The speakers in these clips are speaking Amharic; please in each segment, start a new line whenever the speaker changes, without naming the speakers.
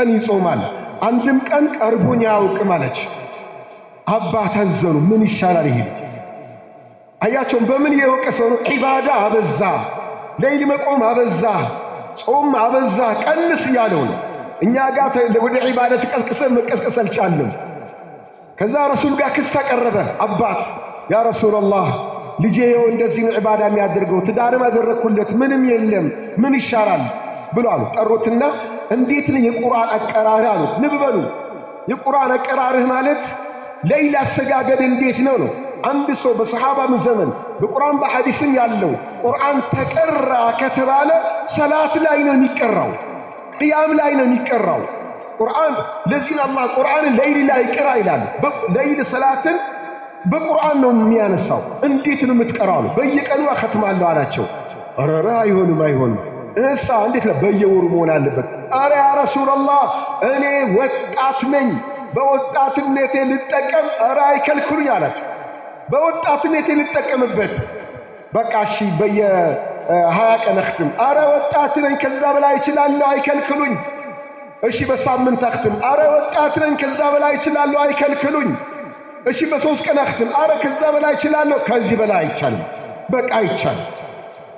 ቀን ይጾማል፣ አንድም ቀን ቀርቦኝ አያውቅም አለች። አባ ታዘኑ። ምን ይሻላል? ይሄ አያቸውም። በምን ሰው ነው? ዒባዳ አበዛ፣ ሌይል መቆም አበዛ፣ ጾም አበዛ፣ ቀንስ እያለው ነው። እኛ ጋር ወደ ዒባዳ ተቀስቅሰ መቀስቀስ አልቻለም። ከዛ ረሱል ጋር ክስ አቀረበ። አባት ያ ረሱላላህ ልጄ የው እንደዚህ ነው ዒባዳ የሚያደርገው ትዳርም አደረግኩለት ምንም የለም ምን ይሻላል ብሏል። ጠሩትና እንዴት ነው የቁርአን አቀራርህ አሉት። ልብ በሉ የቁርአን አቀራርህ ማለት ለይል አሰጋገድ እንዴት ነው ነው። አንድ ሰው በሰሓባም ዘመን በቁርአን በሐዲስም ያለው ቁርአን ተቀራ ከተባለ ሰላት ላይ ነው የሚቀራው፣ ቅያም ላይ ነው የሚቀራው ቁርአን። ለዚህ አላህ ቁርአንን ለይል ላይ ቅራ ይላል። ለይል ሰላትን በቁርአን ነው የሚያነሳው። እንዴት ነው የምትቀራው? በየቀኑ አኸትማለሁ አላቸው። ረራ አይሆንም አይሆንም እሳ እንዴት በየወሩ መሆን አለበት? አረ ያ እኔ ወጣት ነኝ፣ በወጣትነቴ ልጠቀም። አረ አይከልክሉኝ አላቸው። በወጣትነቴ ልጠቀምበት። በቃ እሺ በየሀያ ቀን አክትም። አረ ወጣት ነኝ፣ ከዛ በላይ እችላለሁ፣ አይከልክሉኝ። እሺ በሳምንት አክትም። አረ ወጣት ነኝ፣ ከዛ በላይ እችላለሁ፣ አይከልክሉኝ። እሺ በሶስት ቀን አክትም። አረ ከዛ በላይ እችላለሁ። ከዚህ በላይ አይቻልም፣ በቃ አይቻልም።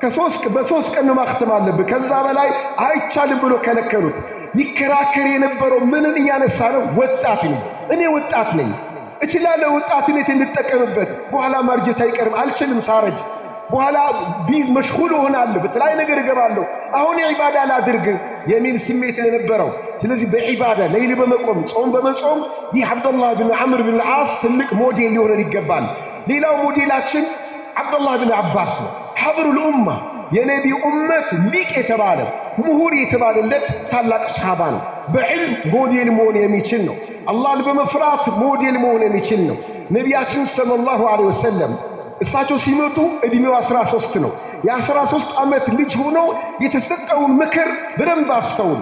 ከሶስት በሶስት ቀን ማክተም አለብህ፣ ከዛ በላይ አይቻልም ብሎ ከለከሉት። ይከራከር የነበረው ምንን እያነሳ ነው? ወጣት ነኝ እኔ ወጣት ነኝ እችላለሁ፣ ወጣትነት እንጠቀምበት። በኋላ ማርጀት አይቀርም፣ አልችልም፣ ሳረጅ በኋላ ቢዝ መሽሁል እሆናለሁ፣ በተለያየ ነገር እገባለሁ፣ አሁን የዒባዳ ላድርግ የሚል ስሜት የነበረው። ስለዚህ በዒባዳ ሌሊ በመቆም ጾም በመጾም ይህ ዓብደላህ ብን ዓምር ብን ልዓስ ትልቅ ሞዴል ሊሆነን ይገባል። ሌላው ሞዴላችን ዓብደላህ ብን ዓባስ ነው። ሀብሩል ኡማ የነቢ ኡመት ሊቅ የተባለ ምሁር የተባለለት ታላቅ ሰሃባ ነው። በዕልም ሞዴል መሆን የሚችል ነው። አላህን በመፍራት ሞዴል መሆን የሚችል ነው። ነቢያችን ሰለላሁ ዐለይሂ ወሰለም እሳቸው ሲመጡ ዕድሜው 13 ነው። የ13 ዓመት ልጅ ሆኖ የተሰጠውን ምክር በደንብ አስተውል።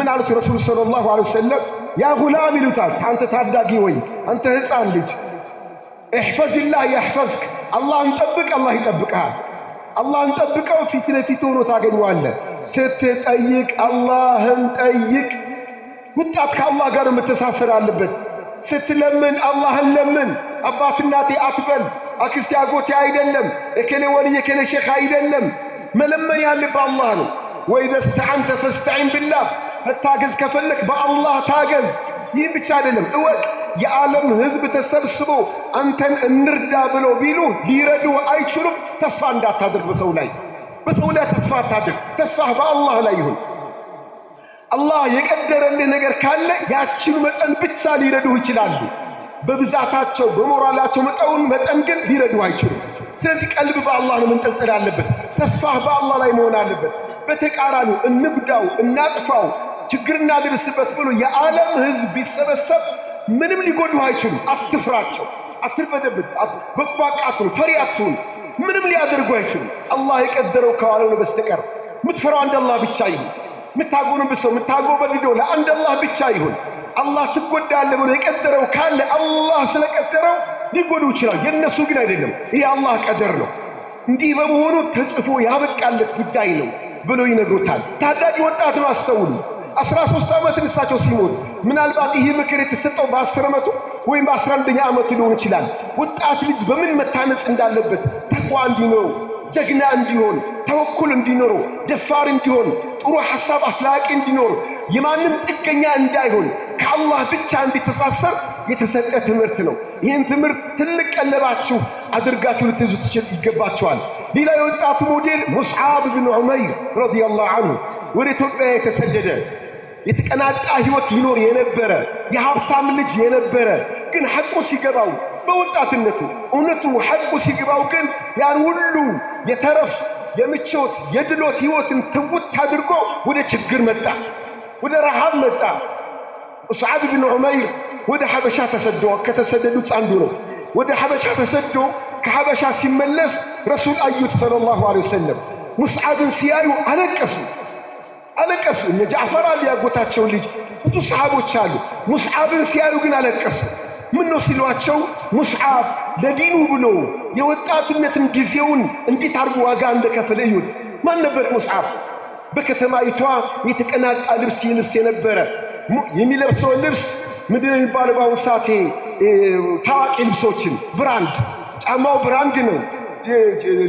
ምን አሉት ረሱል ሰለላሁ ዐለይሂ ወሰለም? ያ ጉላም ይሉታል። አንተ ታዳጊ ወይ አንተ ሕፃን ልጅ እሕፈዝላህ የሕፈዝክ፣ አላህን ጠብቅ፣ አላህ ይጠብቅሃል። አላህን ጠብቀው ፊት ለፊት ሆኖ ታገኘዋለህ። ስትጠይቅ አላህን ጠይቅ። ወጣት ከአላህ ጋር መተሳሰር አለበት። ስትለምን አላህን ለምን። አባት እናቴ አትበል። አክስቴ አጎቴ አይደለም። እከሌ ወልይ እከሌ ሼክ አይደለም። መለመን ያለብህ አላህ ነው። ወኢዘ ስተዐንተ ፈስተዒን ቢላህ። መታገዝ ከፈለክ በአላህ ታገዝ። ይህ ብቻ አይደለም፣ እወቅ የዓለም ሕዝብ ተሰብስቦ አንተን እንርዳ ብለው ቢሉ ሊረዱ አይችሉም። ተስፋ እንዳታድርግ በሰው ላይ በሰው ላይ ተስፋ አታድርግ። ተስፋህ በአላህ ላይ ይሁን። አላህ የቀደረልህ ነገር ካለ ያችን መጠን ብቻ ሊረዱ ይችላሉ። በብዛታቸው በሞራላቸው መጠውን መጠን ግን ሊረዱ አይችሉም። ስለዚህ ቀልብ በአላህ ነው መንጠልጠል አለበት። ተስፋህ በአላህ ላይ መሆን አለበት። በተቃራኒው እንብዳው፣ እናጥፋው ችግር እናድርስበት ብሎ የዓለም ህዝብ ቢሰበሰብ ምንም ሊጎዱ አይችሉም። አትፍራቸው፣ አትርበደብት፣ በቁባቅ ፈሪ አትሁን። ምንም ሊያደርጉ አይችሉም። አላህ የቀደረው ከዋለው በስተቀር ምትፈራው አንድ አላህ ብቻ ይሁን። ምታጎ በልዶ ለአንድ አላህ ብቻ ይሁን። አላህ ትጎዳለ ብሎ የቀደረው ካለ አላህ ስለቀደረው ሊጎዱ ይችላል። የእነሱ ግን አይደለም። ይህ አላህ ቀደር ነው። እንዲህ በመሆኑ ተጽፎ ያበቃለት ጉዳይ ነው ብሎ ይነግሩታል። ታዳጊ ወጣት ነው። አስራ ሶስት ዓመት እሳቸው ሲሞት ምናልባት ይህ ምክር የተሰጠው በአስር ዓመቱ ወይም በአስራ አንደኛ ዓመቱ ሊሆን ይችላል። ወጣት ልጅ በምን መታነጽ እንዳለበት ተቋ እንዲኖረው፣ ጀግና እንዲሆን፣ ተወኩል እንዲኖረው፣ ደፋር እንዲሆን፣ ጥሩ ሐሳብ አፍላቂ እንዲኖር፣ የማንም ጥገኛ እንዳይሆን፣ ከአላህ ብቻ እንዲተሳሰር የተሰጠ ትምህርት ነው። ይህን ትምህርት ትልቅ ቀለባችሁ አድርጋችሁ ልትይዙ ትችል ይገባችኋል። ሌላ የወጣቱ ሞዴል ሙስዓብ ብን ዑመይር ረዲየላሁ አንሁ ወደ ኢትዮጵያ የተሰደደ የተቀናጣ ህይወት ይኖር የነበረ የሀብታም ልጅ የነበረ ግን ሐቁ ሲገባው በወጣትነቱ እውነቱ ሐቁ ሲገባው ግን ያን ሁሉ የተረፍ የምቾት የድሎት ህይወትን ትውት አድርጎ ወደ ችግር መጣ፣ ወደ ረሃብ መጣ። እስዓድ ብን ዑመይር ወደ ሐበሻ ተሰዶ ከተሰደዱት አንዱ ነው። ወደ ሐበሻ ተሰዶ ከሐበሻ ሲመለስ ረሱል አዩት ሰለላሁ ዐለይሂ ወሰለም ሙስዓድን ሲያዩ አለቀሱ። አለቀስ። እነ ጃዕፈር ያጎታቸው ልጅ ብዙ ሰሃቦች አሉ። ሙስዓብን ሲያዩ ግን አለቀስ። ምን ነው ሲሏቸው ሙስዓብ ለዲኑ ብሎ የወጣትነትን ጊዜውን እንዴት አድርጎ ዋጋ እንደከፈለ ይሁን። ማን ነበር ሙስዓብ? በከተማይቷ የተቀናቃ ልብስ ይልብስ የነበረ የሚለብሰው ልብስ ምንድን ነው የሚባለው? በአሁኑ ሰዓት ታዋቂ ልብሶችን ብራንድ፣ ጫማው ብራንድ ነው።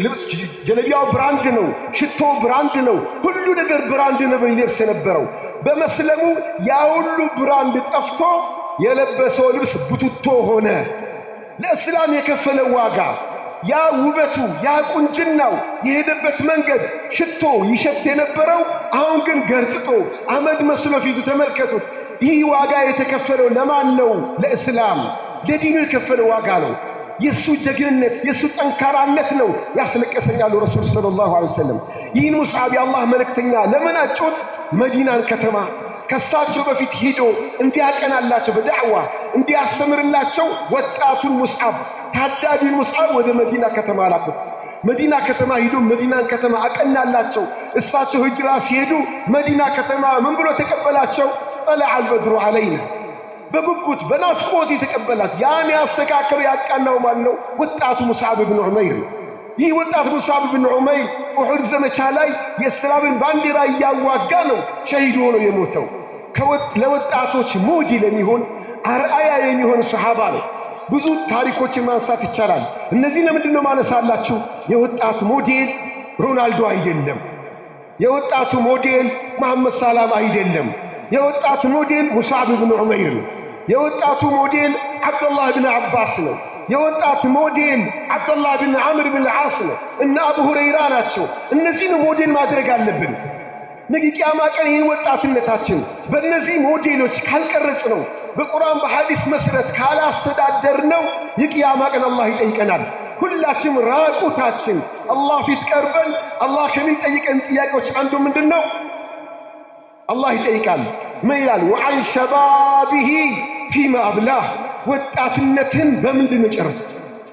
ልብስ ጀለቢያው ብራንድ ነው፣ ሽቶ ብራንድ ነው፣ ሁሉ ነገር ብራንድ ነው። ይለብስ የነበረው። በመስለሙ ያ ሁሉ ብራንድ ጠፍቶ የለበሰው ልብስ ቡትቶ ሆነ። ለእስላም የከፈለው ዋጋ ያ ውበቱ ያ ቁንጅናው የሄደበት መንገድ ሽቶ ይሸት የነበረው አሁን ግን ገርጥጦ አመድ መስሎ ፊቱ ተመልከቱት። ይህ ዋጋ የተከፈለው ለማን ነው? ለእስላም ለዲኑ የከፈለው ዋጋ ነው። የእሱ ጀግንነት የእሱ ጠንካራነት ነው ያስለቀሰኛሉ ረሱል ሰለላሁ ዐለይሂ ወሰለም። ይህን ሙስዓብ የአላህ መልእክተኛ ለምን አጩት? መዲናን ከተማ ከሳቸው በፊት ሂዶ እንዲያቀናላቸው በዳዕዋ እንዲያስተምርላቸው ወጣቱን ሙስዓብ ታዳጊውን ሙስዓብ ወደ መዲና ከተማ ላኩት። መዲና ከተማ ሂዶ መዲናን ከተማ አቀናላቸው። እሳቸው ሂጅራ ሲሄዱ መዲና ከተማ ምን ብሎ ተቀበላቸው? ጠለዐል በድሩ ዐለይና በጉጉት በናፍቆት የተቀበላት ያኔ ያስተካከለ ያቃናው ማን ነው? ወጣቱ ሙሳብ ብን ዑመይር ነው። ይህ ወጣት ሙሳብ ብን ዑመይር ኡሑድ ዘመቻ ላይ የእስላምን ባንዲራ እያዋጋ ነው ሸሂድ ሆኖ የሞተው። ለወጣቶች ሞጂ ለሚሆን አርአያ የሚሆን ሰሓባ ነው። ብዙ ታሪኮችን ማንሳት ይቻላል። እነዚህ ለምንድን ነው ማነሳላችሁ? የወጣት ሞዴል ሮናልዶ አይደለም። የወጣቱ ሞዴል መሐመድ ሰላም አይደለም። የወጣቱ ሞዴል ሙሳብ ብን ዑመይር ነው። የወጣቱ ሞዴል ዓብዱላህ ብን አባስ ነው። የወጣቱ ሞዴል ዓብዱላህ ብን ዓምር ብን ዓስ ነው። እነ አቡ ሁረይራ ናቸው። እነዚህን ሞዴል ማድረግ አለብን። ነገ ቂያማ ቀን ይህን ወጣትነታችን በእነዚህ ሞዴሎች ካልቀረጽ ነው በቁርአን በሐዲስ መሰረት ካላስተዳደር ነው የቂያማ ቀን አላህ ይጠይቀናል። ሁላችንም ራቁታችን አላህ ፊት ቀርበን አላህ ከሚጠይቀን ጥያቄዎች አንዱ ምንድን ነው? አላህ ይጠይቃል። ምን ይላል? ወዐን ሸባቢሂ ቂመ አብላህ ወጣትነትን በምንድን ነው ጨርስ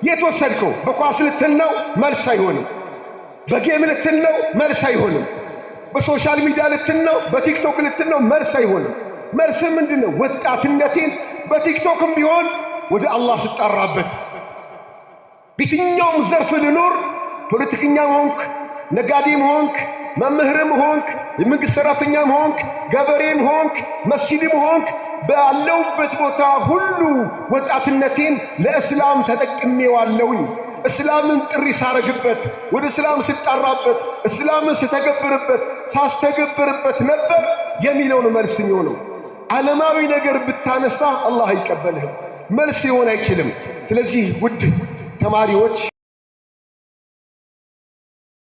የተወሰድከው? በኳስ ልትል ነው? መልስ አይሆንም። በጌም ልትል ነው? መልስ አይሆንም። በሶሻል ሚዲያ ልትል ነው? በቲክቶክ ልትል ነው? መልስ አይሆንም። መልስ ምንድን ነው? ወጣትነቴን በቲክቶክም ቢሆን ወደ አላህ ስጠራበት በየትኛውም ዘርፍ ልኖር ፖለቲከኛ ሆንክ ነጋዴም ሆንክ፣ መምህርም ሆንክ፣ የመንግሥት ሠራተኛም ሆንክ፣ ገበሬም ሆንክ፣ መስጂድም ሆንክ ባለውበት ቦታ ሁሉ ወጣትነቴን ለእስላም ተጠቅሜዋለሁኝ። እስላምን ጥሪ ሳረግበት፣ ወደ እስላም ስጣራበት፣ እስላምን ስተገብርበት፣ ሳስተገብርበት ነበር የሚለውን መልስ የሚሆነው። ዓለማዊ ነገር ብታነሳ አላህ አይቀበልህም፣ መልስ ሊሆን አይችልም። ስለዚህ ውድ ተማሪዎች